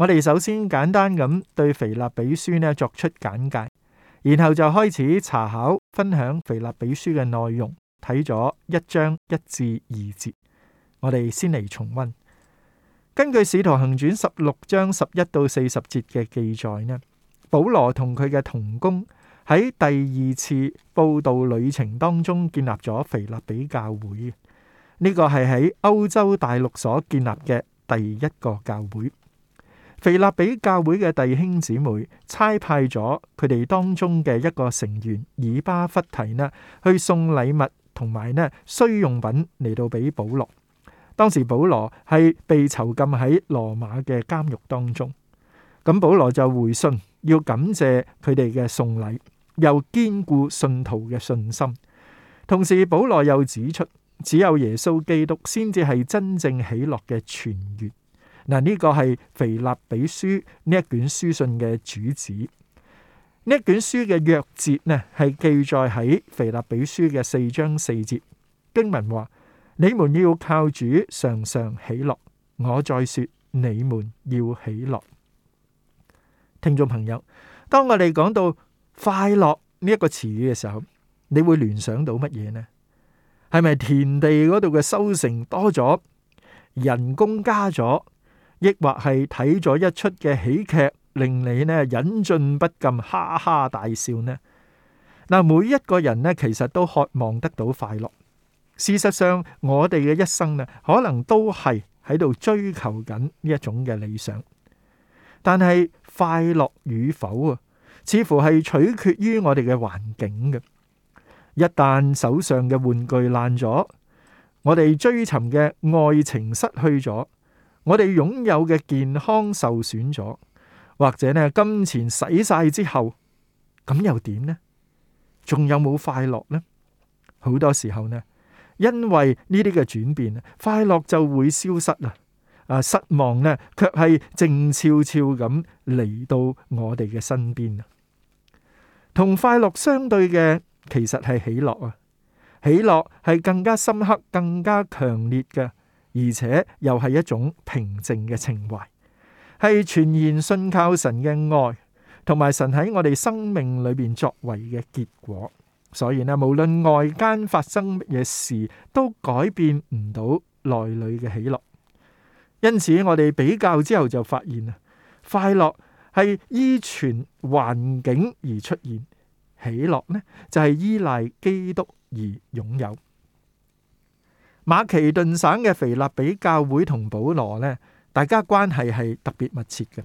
我哋首先簡單咁對腓立比書呢作出簡介，然後就開始查考分享腓立比書嘅內容。睇咗一章一至二節，我哋先嚟重溫。根據《使徒行傳》十六章十一到四十節嘅記載呢，保羅同佢嘅同工喺第二次佈道旅程當中建立咗腓立比教會。呢個係喺歐洲大陸所建立嘅第一個教會。腓立比教會嘅弟兄姊妹差派咗佢哋當中嘅一個成員以巴弗提呢，去送禮物同埋呢需用品嚟到俾保羅。當時保羅係被囚禁喺羅馬嘅監獄當中。咁保羅就回信要感謝佢哋嘅送禮，又堅固信徒嘅信心。同時保羅又指出，只有耶穌基督先至係真正喜樂嘅泉源。嗱，呢個係《腓立比書》呢一卷書信嘅主旨。呢一卷書嘅約節呢，係記載喺《腓立比書》嘅四章四節經文，話你們要靠主常常喜樂。我再説，你們要喜樂。聽眾朋友，當我哋講到快樂呢一個詞語嘅時候，你會聯想到乜嘢呢？係咪田地嗰度嘅收成多咗，人工加咗？亦或係睇咗一出嘅喜劇，令你呢忍俊不禁哈哈大笑呢？嗱，每一個人呢，其實都渴望得到快樂。事實上，我哋嘅一生呢，可能都係喺度追求緊呢一種嘅理想。但係快樂與否啊，似乎係取決於我哋嘅環境嘅。一旦手上嘅玩具爛咗，我哋追尋嘅愛情失去咗。我哋擁有嘅健康受損咗，或者呢，金錢使晒之後，咁又點呢？仲有冇快樂呢？好多時候呢，因為呢啲嘅轉變，快樂就會消失啊！啊，失望呢，卻係靜悄悄咁嚟到我哋嘅身邊啊。同快樂相對嘅，其實係喜樂啊！喜樂係更加深刻、更加強烈嘅。而且又係一種平靜嘅情懷，係全然信靠神嘅愛，同埋神喺我哋生命裏邊作為嘅結果。所以呢，無論外間發生乜嘢事，都改變唔到內裏嘅喜樂。因此，我哋比較之後就發現啊，快樂係依存環境而出現，喜樂呢就係依賴基督而擁有。馬其頓省嘅腓立比教會同保羅咧，大家關係係特別密切嘅，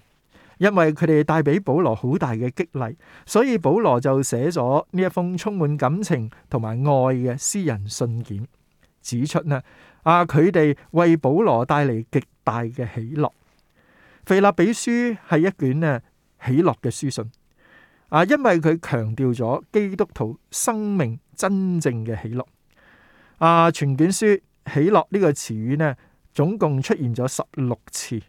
因為佢哋帶俾保羅好大嘅激勵，所以保羅就寫咗呢一封充滿感情同埋愛嘅私人信件，指出呢啊佢哋為保羅帶嚟極大嘅喜樂。腓立比書係一卷呢喜樂嘅書信，啊，因為佢強調咗基督徒生命真正嘅喜樂。啊！全卷書喜樂呢個詞語呢，總共出現咗十六次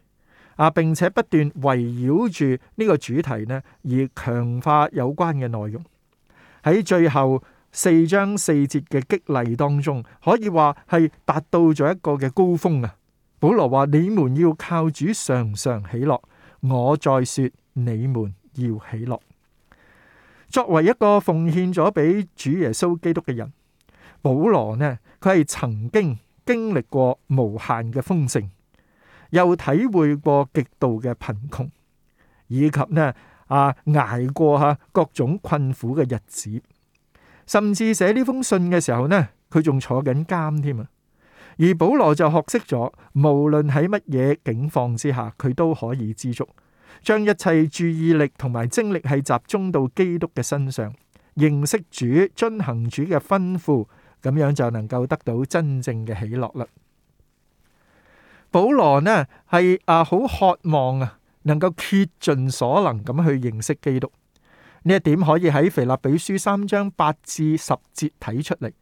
啊，並且不斷圍繞住呢個主題呢，而強化有關嘅內容。喺最後四章四節嘅激勵當中，可以話係達到咗一個嘅高峰啊！保羅話：你們要靠主常常喜樂，我再說：你們要喜樂。作為一個奉獻咗俾主耶穌基督嘅人。保羅呢，佢係曾經經歷過無限嘅豐盛，又體會過極度嘅貧窮，以及呢啊捱過吓各種困苦嘅日子。甚至寫呢封信嘅時候呢，佢仲坐緊監添啊。而保羅就學識咗，無論喺乜嘢境況之下，佢都可以知足，將一切注意力同埋精力係集中到基督嘅身上，認識主，遵行主嘅吩咐。咁樣就能夠得到真正嘅喜樂啦。保羅呢係啊好渴望啊，能夠竭盡所能咁去認識基督。呢一點可以喺腓立比書三章八至十節睇出嚟。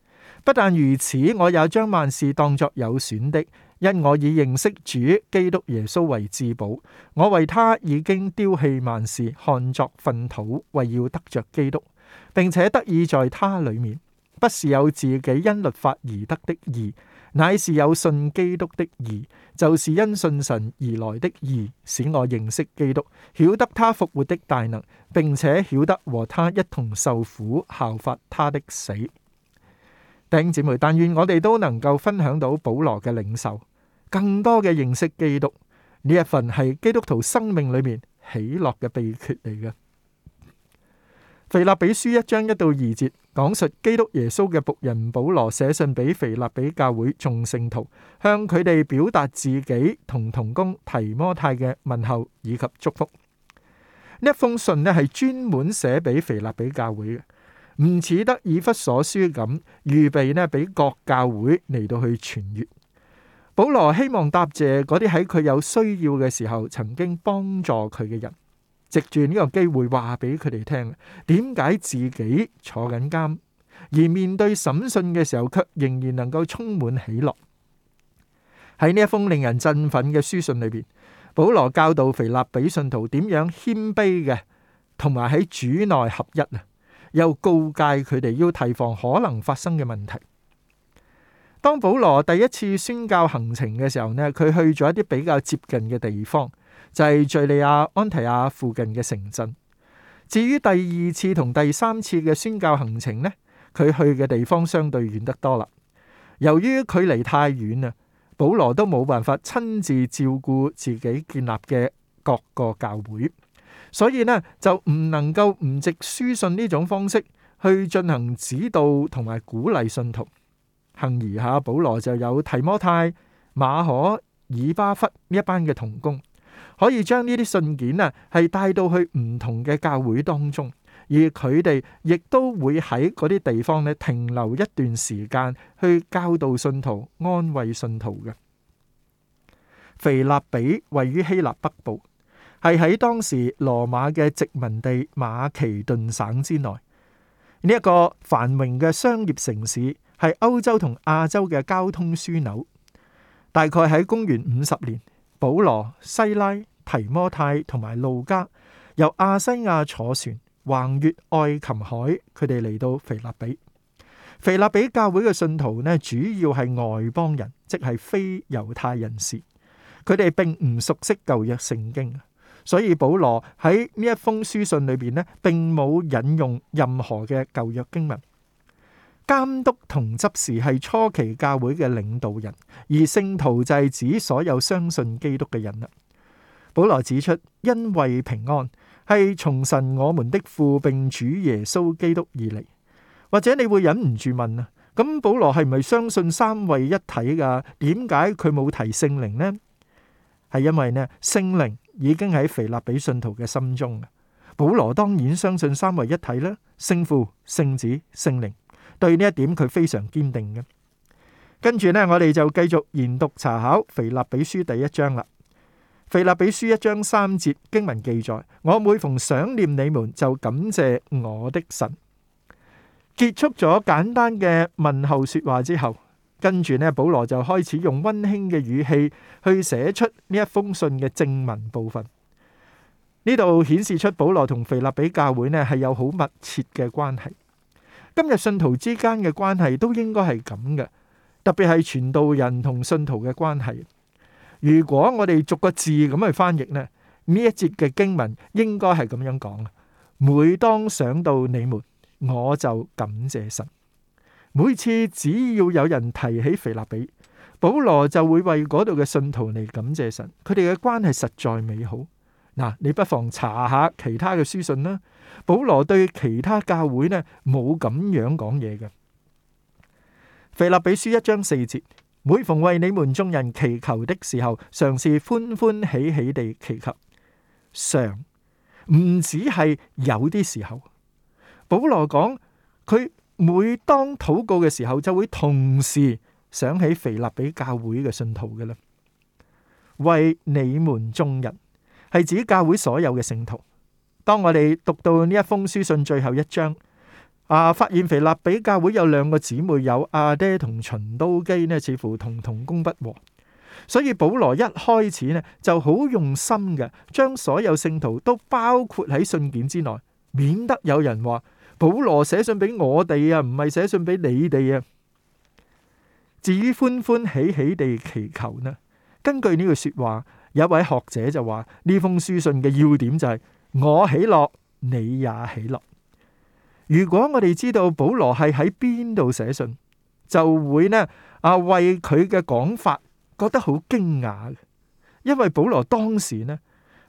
不但如此，我也將萬事當作有損的，因我以認識主基督耶穌為至寶。我為他已經丟棄萬事，看作糞土，為要得着基督，並且得以在他裏面。不是有自己因律法而得的義，乃是有信基督的義，就是因信神而來的義，使我認識基督，曉得他復活的大能，並且曉得和他一同受苦，效法他的死。弟兄姊妹，但願我哋都能夠分享到保羅嘅領受，更多嘅認識基督。呢一份係基督徒生命裏面喜樂嘅秘訣嚟嘅。腓立比書一章一到二節，講述基督耶穌嘅僕人保羅寫信俾腓立比教會眾聖徒，向佢哋表達自己同同工提摩太嘅問候以及祝福。呢一封信呢係專門寫俾腓立比教會嘅，唔似得以弗所書咁預備呢俾各教會嚟到去傳閱。保羅希望答謝嗰啲喺佢有需要嘅時候曾經幫助佢嘅人。藉住呢個機會話俾佢哋聽，點解自己坐緊監，而面對審訊嘅時候卻仍然能夠充滿喜樂。喺呢一封令人振奮嘅書信裏邊，保羅教導腓立比信徒點樣謙卑嘅，同埋喺主內合一啊。又告誡佢哋要提防可能發生嘅問題。當保羅第一次宣教行程嘅時候呢，佢去咗一啲比較接近嘅地方。就係敍利亞安提亞附近嘅城鎮。至於第二次同第三次嘅宣教行程呢，佢去嘅地方相對遠得多啦。由於距離太遠啊，保羅都冇辦法親自照顧自己建立嘅各個教會，所以呢，就唔能夠唔藉書信呢種方式去進行指導同埋鼓勵信徒。幸而下，保羅就有提摩太、馬可、以巴弗呢一班嘅同工。可以將呢啲信件啊，係帶到去唔同嘅教會當中，而佢哋亦都會喺嗰啲地方咧停留一段時間，去教導信徒、安慰信徒嘅。腓立比位於希臘北部，係喺當時羅馬嘅殖民地馬其頓省之內。呢一個繁榮嘅商業城市係歐洲同亞洲嘅交通樞紐，大概喺公元五十年。保羅、西拉、提摩太同埋路加由亞西亞坐船橫越愛琴海，佢哋嚟到腓立比。腓立比教會嘅信徒呢，主要係外邦人，即係非猶太人士，佢哋並唔熟悉舊約聖經，所以保羅喺呢一封書信裏邊呢，並冇引用任何嘅舊約經文。監督同執事係初期教會嘅領導人，而聖徒就係指所有相信基督嘅人啦。保羅指出，因為平安係從神我們的父並主耶穌基督而嚟。或者你會忍唔住問啊，咁保羅係唔係相信三位一體㗎？點解佢冇提聖靈呢？係因為呢，聖靈已經喺腓立比信徒嘅心中。保羅當然相信三位一體啦，聖父、聖子、聖靈。對呢一點佢非常堅定嘅，跟住呢我哋就繼續研讀查考腓立比書第一章啦。腓立比書一章三節經文記載：我每逢想念你們，就感謝我的神。結束咗簡單嘅問候說話之後，跟住呢保羅就開始用温馨嘅語氣去寫出呢一封信嘅正文部分。呢度顯示出保羅同腓立比教會呢係有好密切嘅關係。今日信徒之間嘅關係都應該係咁嘅，特別係傳道人同信徒嘅關係。如果我哋逐個字咁去翻譯呢，呢一節嘅經文應該係咁樣講。每當想到你們，我就感謝神。每次只要有人提起腓立比，保羅就會為嗰度嘅信徒嚟感謝神。佢哋嘅關係實在美好。嗱，你不妨查下其他嘅書信啦。保羅對其他教會呢，冇咁樣講嘢嘅。腓立比書一章四節，每逢為你們眾人祈求的時候，常是歡歡喜喜地祈求。常唔止係有啲時候，保羅講佢每當禱告嘅時候，就會同時想起腓立比教會嘅信徒嘅啦。為你們眾人係指教會所有嘅聖徒。當我哋讀到呢一封書信最後一章，啊，發現腓立比教會有兩個姊妹，友阿爹同循都基呢，似乎同同工不和，所以保羅一開始呢就好用心嘅，將所有聖徒都包括喺信件之內，免得有人話保羅寫信俾我哋啊，唔係寫信俾你哋啊。至於歡歡喜喜地祈求呢，根據呢句說話，有一位學者就話呢封書信嘅要點就係。我喜樂，你也喜樂。如果我哋知道保羅係喺邊度寫信，就會呢啊為佢嘅講法覺得好驚訝。因為保羅當時呢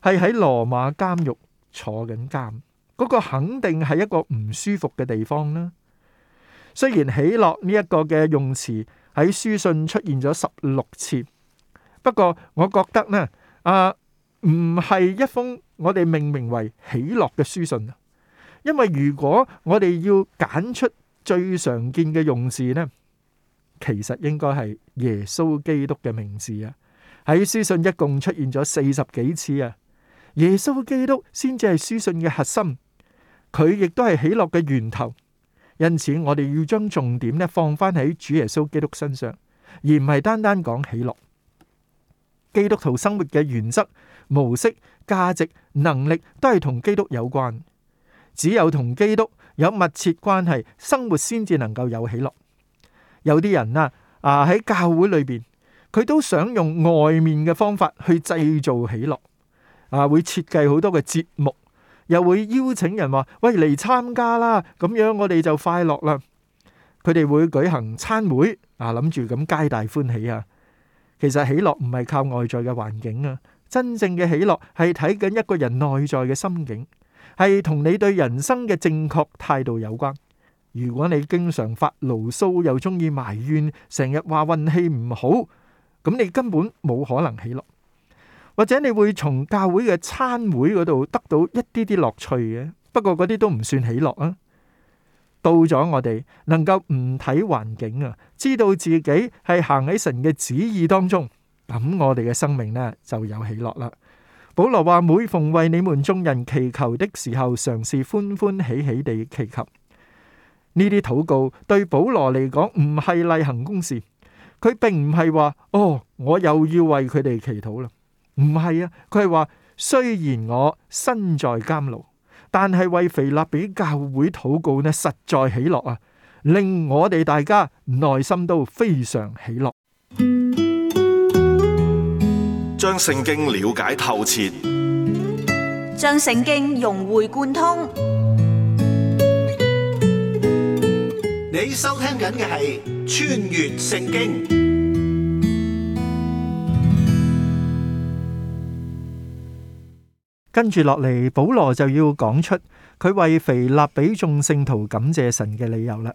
係喺羅馬監獄坐緊監，嗰個肯定係一個唔舒服嘅地方啦。雖然喜樂呢一個嘅用詞喺書信出現咗十六次，不過我覺得呢啊唔係一封。我哋命名為喜樂嘅書信，因為如果我哋要揀出最常見嘅用字呢，其實應該係耶穌基督嘅名字啊！喺書信一共出現咗四十幾次啊！耶穌基督先至係書信嘅核心，佢亦都係喜樂嘅源頭。因此，我哋要將重點咧放翻喺主耶穌基督身上，而唔係單單講喜樂。基督徒生活嘅原則，模式、價值、能力都係同基督有關，只有同基督有密切關係，生活先至能夠有喜樂。有啲人啊，啊喺教會裏邊，佢都想用外面嘅方法去製造喜樂啊，會設計好多嘅節目，又會邀請人話，喂，嚟參加啦，咁樣我哋就快樂啦。佢哋會舉行餐會啊，諗住咁皆大歡喜啊。其實喜樂唔係靠外在嘅環境啊。真正嘅喜樂係睇緊一個人內在嘅心境，係同你對人生嘅正確態度有關。如果你經常發牢騷又中意埋怨，成日話運氣唔好，咁你根本冇可能喜樂。或者你會從教會嘅餐會嗰度得到一啲啲樂趣嘅，不過嗰啲都唔算喜樂啊。到咗我哋能夠唔睇環境啊，知道自己係行喺神嘅旨意當中，咁我哋嘅生命呢就有喜樂啦。保羅話，每逢為你們眾人祈求的時候，嘗試歡歡喜喜地祈求。呢啲禱告對保羅嚟講唔係例行公事，佢並唔係話哦，我又要為佢哋祈禱啦。唔係啊，佢係話雖然我身在監牢，但係為腓立比教會禱告呢，實在喜樂啊，令我哋大家內心都非常喜樂。將聖經了解透徹，將聖經融會貫通。你收聽緊嘅係《穿越聖經》。跟住落嚟，保羅就要講出佢為腓立比眾聖徒感謝神嘅理由啦。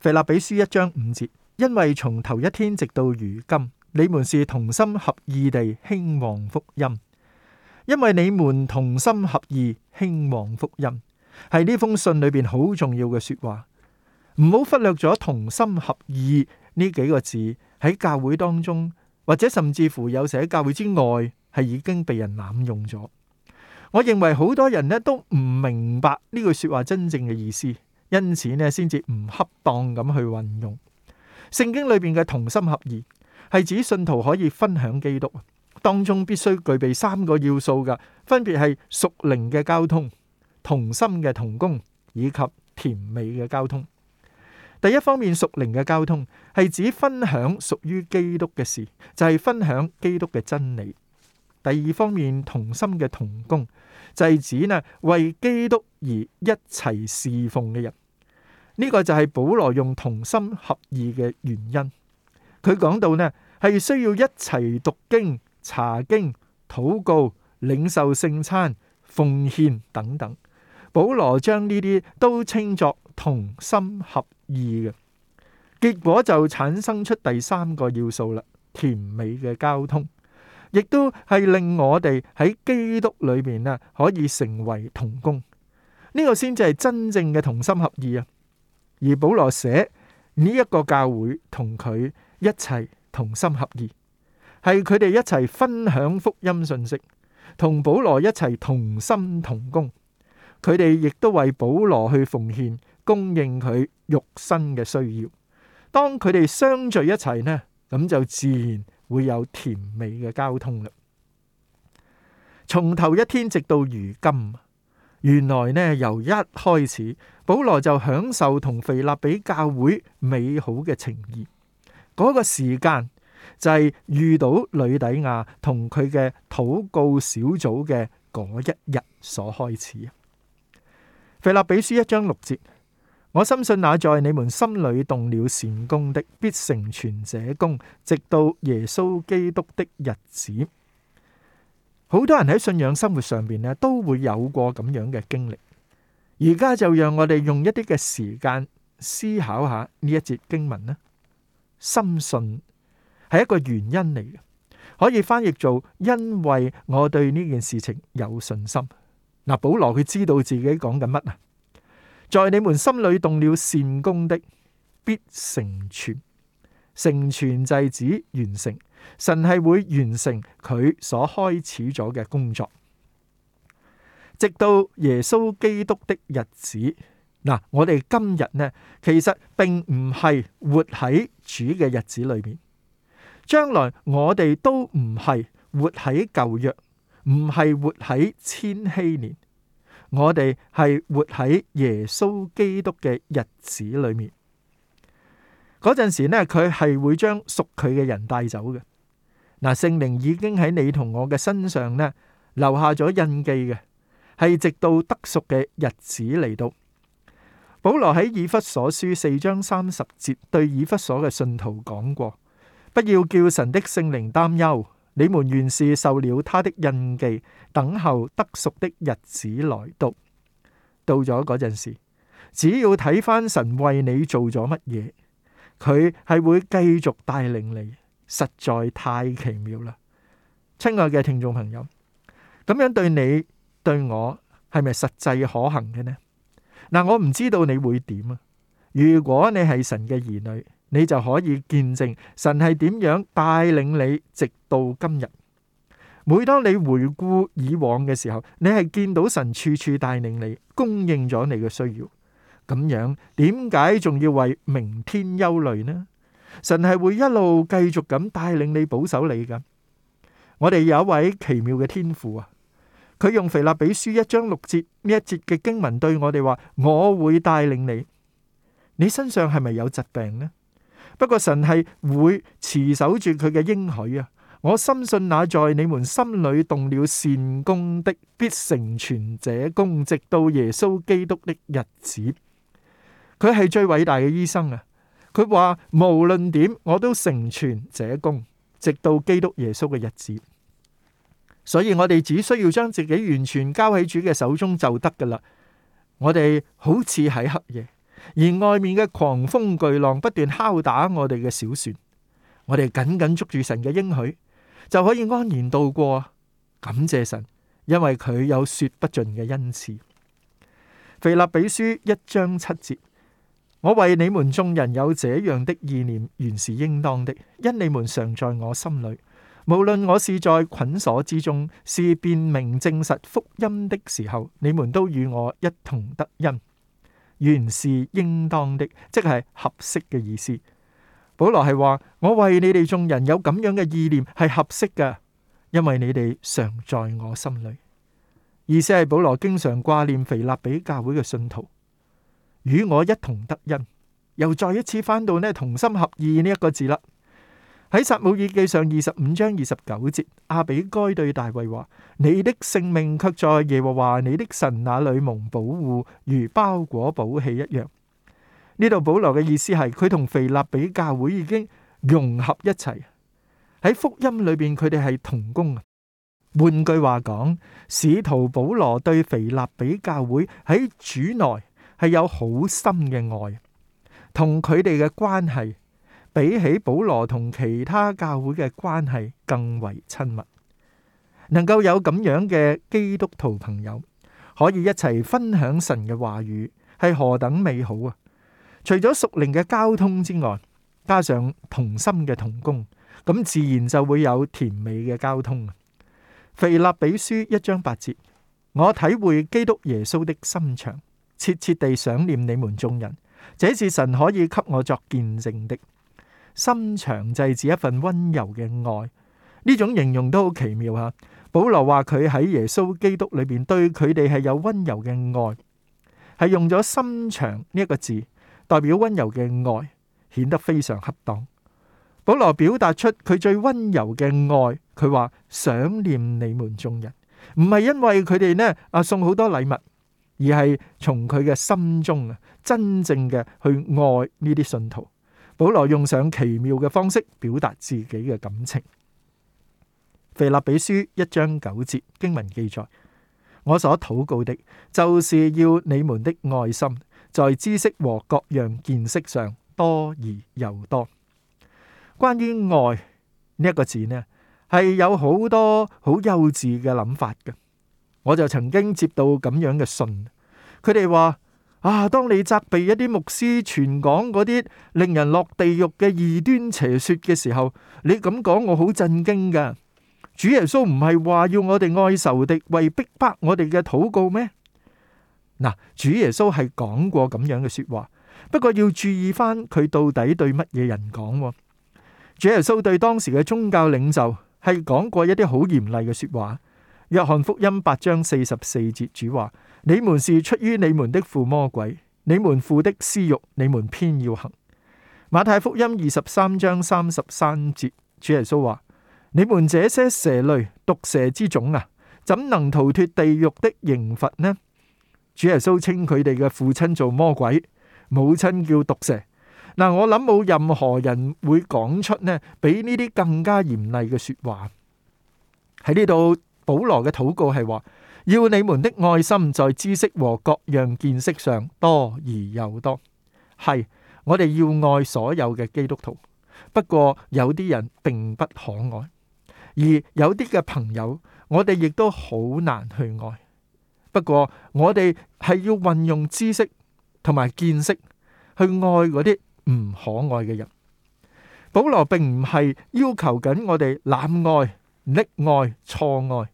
腓立比書一章五節，因為從頭一天直到如今。你們是同心合意地興旺福音。因為你們同心合意興旺福音係呢封信裏邊好重要嘅說話，唔好忽略咗。同心合意呢幾個字喺教會當中，或者甚至乎有時喺教會之外係已經被人濫用咗。我認為好多人呢都唔明白呢句說話真正嘅意思，因此呢先至唔恰當咁去運用聖經裏邊嘅同心合意。係指信徒可以分享基督，當中必須具備三個要素㗎，分別係屬靈嘅交通、同心嘅同工以及甜美嘅交通。第一方面屬靈嘅交通係指分享屬於基督嘅事，就係分享基督嘅真理。第二方面同心嘅同工就係指呢為基督而一齊侍奉嘅人。呢個就係保羅用同心合意嘅原因。佢講到咧，係需要一齊讀經、查經、禱告、領受聖餐、奉獻等等。保羅將呢啲都稱作同心合意嘅，結果就產生出第三個要素啦，甜美嘅交通，亦都係令我哋喺基督裏面啊可以成為同工。呢個先至係真正嘅同心合意啊！而保羅寫呢一個教會同佢。一齊同心合意，係佢哋一齊分享福音信息，同保羅一齊同心同工。佢哋亦都為保羅去奉獻，供應佢肉身嘅需要。當佢哋相聚一齊呢，咁就自然會有甜美嘅交通啦。從頭一天直到如今，原來呢，由一開始，保羅就享受同腓立比教會美好嘅情誼。嗰個時間就係遇到呂底亞同佢嘅禱告小組嘅嗰一日所開始啊。腓立比書一章六節，我深信那在你們心裡動了善工的，必成全這工，直到耶穌基督的日子。好多人喺信仰生活上邊咧都會有過咁樣嘅經歷。而家就讓我哋用一啲嘅時間思考下呢一節經文啦。深信係一個原因嚟嘅，可以翻譯做因為我對呢件事情有信心。嗱，保羅佢知道自己講緊乜啊？在你們心裏動了善工的，必成全。成全就指完成，神係會完成佢所開始咗嘅工作，直到耶穌基督的日子。嗱，我哋今日呢，其實並唔係活喺主嘅日子裏面。將來我哋都唔係活喺舊約，唔係活喺千禧年，我哋係活喺耶穌基督嘅日子裏面。嗰陣時呢，佢係會將屬佢嘅人帶走嘅。嗱，聖靈已經喺你同我嘅身上呢留下咗印記嘅，係直到得贖嘅日子嚟到。保羅喺以弗所書四章三十節對以弗所嘅信徒講過：不要叫神的聖靈擔憂，你們原是受了他的印記，等候得贖的日子來到。到咗嗰陣時，只要睇返神為你做咗乜嘢，佢係會繼續帶領你。實在太奇妙啦！親愛嘅聽眾朋友，咁樣對你對我係咪實際可行嘅呢？嗱，我唔知道你會點啊！如果你係神嘅兒女，你就可以見證神係點樣帶領你直到今日。每當你回顧以往嘅時候，你係見到神處處帶領你，供應咗你嘅需要。咁樣點解仲要為明天憂慮呢？神係會一路繼續咁帶領你，保守你噶。我哋有一位奇妙嘅天父啊！佢用腓立比書一章六節呢一節嘅經文對我哋話：我會帶領你，你身上係咪有疾病呢？不過神係會持守住佢嘅應許啊！我深信那在你們心裏動了善工的，必成全這工，直到耶穌基督的日子。佢係最偉大嘅醫生啊！佢話無論點，我都成全這工，直到基督耶穌嘅日子。所以我哋只需要將自己完全交喺主嘅手中就得噶啦。我哋好似喺黑夜，而外面嘅狂風巨浪不斷敲打我哋嘅小船。我哋緊緊捉住神嘅應許，就可以安然度過。感謝神，因為佢有說不盡嘅恩賜。腓立比書一章七節：我為你們眾人有這樣的意念，原是應當的，因你們常在我心裏。無論我是在捆鎖之中，是辨明證實福音的時候，你們都與我一同得恩，原是應當的，即係合適嘅意思。保羅係話：我為你哋眾人有咁樣嘅意念係合適嘅，因為你哋常在我心裏。意思係保羅經常掛念腓立比教會嘅信徒，與我一同得恩，又再一次返到呢同心合意呢一個字啦。喺撒母耳記上二十五章二十九節，阿比該對大衛話：你的性命卻在耶和華你的神那裡蒙保護，如包裹寶器一樣。呢度保羅嘅意思係佢同腓立比教會已經融合一齊。喺福音裡邊，佢哋係同工。換句話講，使徒保羅對腓立比教會喺主內係有好深嘅愛，同佢哋嘅關係。比起保羅同其他教會嘅關係更為親密，能夠有咁樣嘅基督徒朋友可以一齊分享神嘅話語，係何等美好啊！除咗屬靈嘅交通之外，加上同心嘅同工，咁自然就會有甜美嘅交通啊。腓立比書一章八節，我體會基督耶穌的心腸，切切地想念你們眾人，這是神可以給我作見證的。心腸就係指一份溫柔嘅愛，呢種形容都好奇妙吓。保羅話佢喺耶穌基督裏邊對佢哋係有溫柔嘅愛，係用咗心腸呢一個字代表溫柔嘅愛，顯得非常恰當。保羅表達出佢最溫柔嘅愛，佢話想念你們眾人，唔係因為佢哋呢啊送好多禮物，而係從佢嘅心中啊真正嘅去愛呢啲信徒。保羅用上奇妙嘅方式表達自己嘅感情。腓立比書一章九節經文記載：我所禱告的，就是要你們的愛心在知識和各樣見識上多而又多。關於愛呢一個字呢，係有好多好幼稚嘅諗法嘅。我就曾經接到咁樣嘅信，佢哋話。啊！當你責備一啲牧師傳講嗰啲令人落地獄嘅異端邪説嘅時候，你咁講我好震驚噶。主耶穌唔係話要我哋愛仇敵，為逼迫我哋嘅禱告咩？嗱，主耶穌係講過咁樣嘅説話，不過要注意翻佢到底對乜嘢人講喎？主耶穌對當時嘅宗教領袖係講過一啲好嚴厲嘅説話。約翰福音八章四十四節，主話：你們是出於你們的父魔鬼，你們父的私欲，你們偏要行。馬太福音二十三章三十三節，主耶穌話：你們這些蛇類、毒蛇之種啊，怎能逃脱地獄的刑罰呢？主耶穌稱佢哋嘅父親做魔鬼，母親叫毒蛇。嗱，我諗冇任何人會講出呢，比呢啲更加嚴厲嘅說話喺呢度。保羅嘅禱告係話：要你們的愛心在知識和各樣見識上多而又多。係，我哋要愛所有嘅基督徒，不過有啲人並不可愛，而有啲嘅朋友，我哋亦都好難去愛。不過我哋係要運用知識同埋見識去愛嗰啲唔可愛嘅人。保羅並唔係要求緊我哋濫愛、溺愛、錯愛。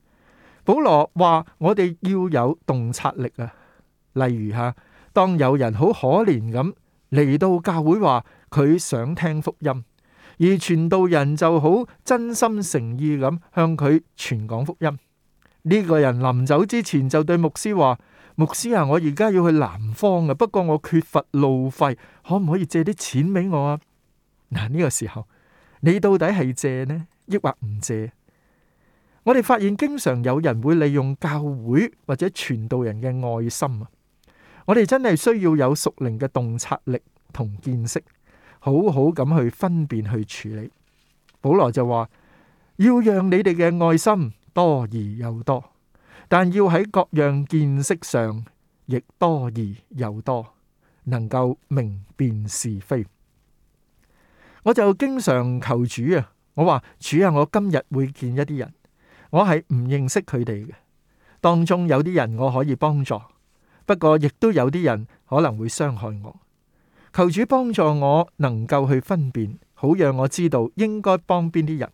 保羅話：我哋要有洞察力啊！例如吓，當有人好可憐咁嚟到教會，話佢想聽福音，而傳道人就好真心誠意咁向佢傳講福音。呢個人臨走之前就對牧師話：牧師啊，我而家要去南方啊，不過我缺乏路費，可唔可以借啲錢俾我啊？嗱，呢個時候你到底係借呢，抑或唔借？我哋發現，經常有人會利用教會或者傳道人嘅愛心啊！我哋真係需要有屬靈嘅洞察力同見識，好好咁去分辨去處理。保羅就話：要讓你哋嘅愛心多而又多，但要喺各樣見識上亦多而又多，能夠明辨是非。我就經常求主啊！我話主啊，我今日會見一啲人。我係唔認識佢哋嘅，當中有啲人我可以幫助，不過亦都有啲人可能會傷害我。求主幫助我能夠去分辨，好讓我知道應該幫邊啲人。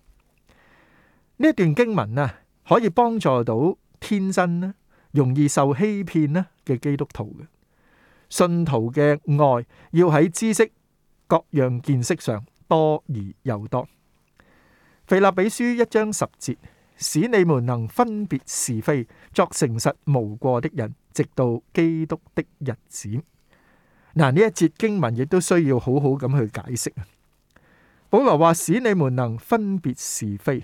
呢段經文啊，可以幫助到天真呢、容易受欺騙呢嘅基督徒嘅。信徒嘅愛，要喺知識各樣見識上多而又多。腓立比書一章十節。使你們能分別是非，作誠實無過的人，直到基督的日子。嗱，呢一節經文亦都需要好好咁去解釋啊。保羅話：使你們能分別是非，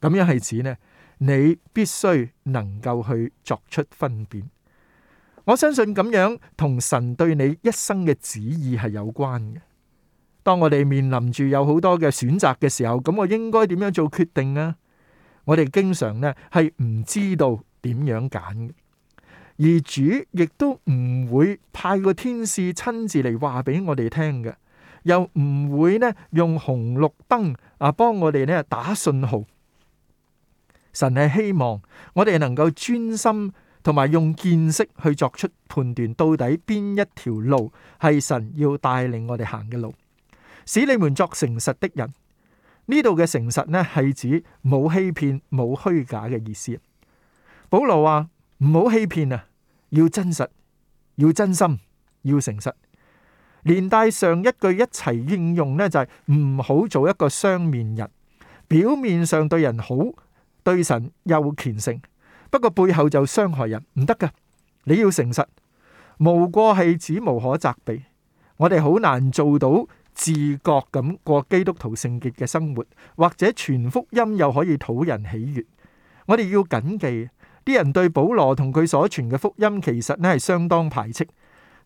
咁樣係指呢？你必須能夠去作出分辨。我相信咁樣同神對你一生嘅旨意係有關嘅。當我哋面臨住有好多嘅選擇嘅時候，咁我應該點樣做決定啊？我哋經常咧係唔知道點樣揀，而主亦都唔會派個天使親自嚟，話俾我哋聽嘅，又唔會咧用紅綠燈啊幫我哋咧打信號。神係希望我哋能夠專心同埋用見識去作出判斷，到底邊一條路係神要帶領我哋行嘅路。使你們作誠實的人。呢度嘅誠實呢，係指冇欺騙、冇虛假嘅意思。保羅話唔好欺騙啊，要真實、要真心、要誠實。連帶上一句一齊應用呢、就是，就係唔好做一個雙面人。表面上對人好，對神又虔誠，不過背後就傷害人，唔得㗎。你要誠實，無過係指無可責備。我哋好難做到。自覺咁過基督徒聖潔嘅生活，或者傳福音又可以討人喜悅。我哋要緊記，啲人對保羅同佢所傳嘅福音其實呢係相當排斥，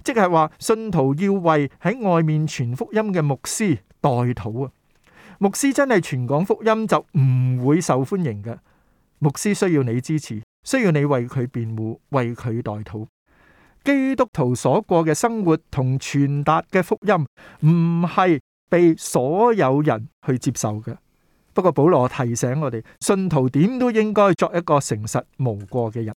即係話信徒要為喺外面傳福音嘅牧師代禱啊！牧師真係傳講福音就唔會受歡迎嘅。牧師需要你支持，需要你為佢辯護，為佢代禱。基督徒所過嘅生活同傳達嘅福音唔係被所有人去接受嘅。不過保羅提醒我哋，信徒點都應該作一個誠實無過嘅人。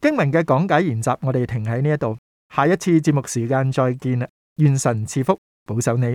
經文嘅講解研習，我哋停喺呢一度。下一次節目時間再見啦，願神賜福保守你。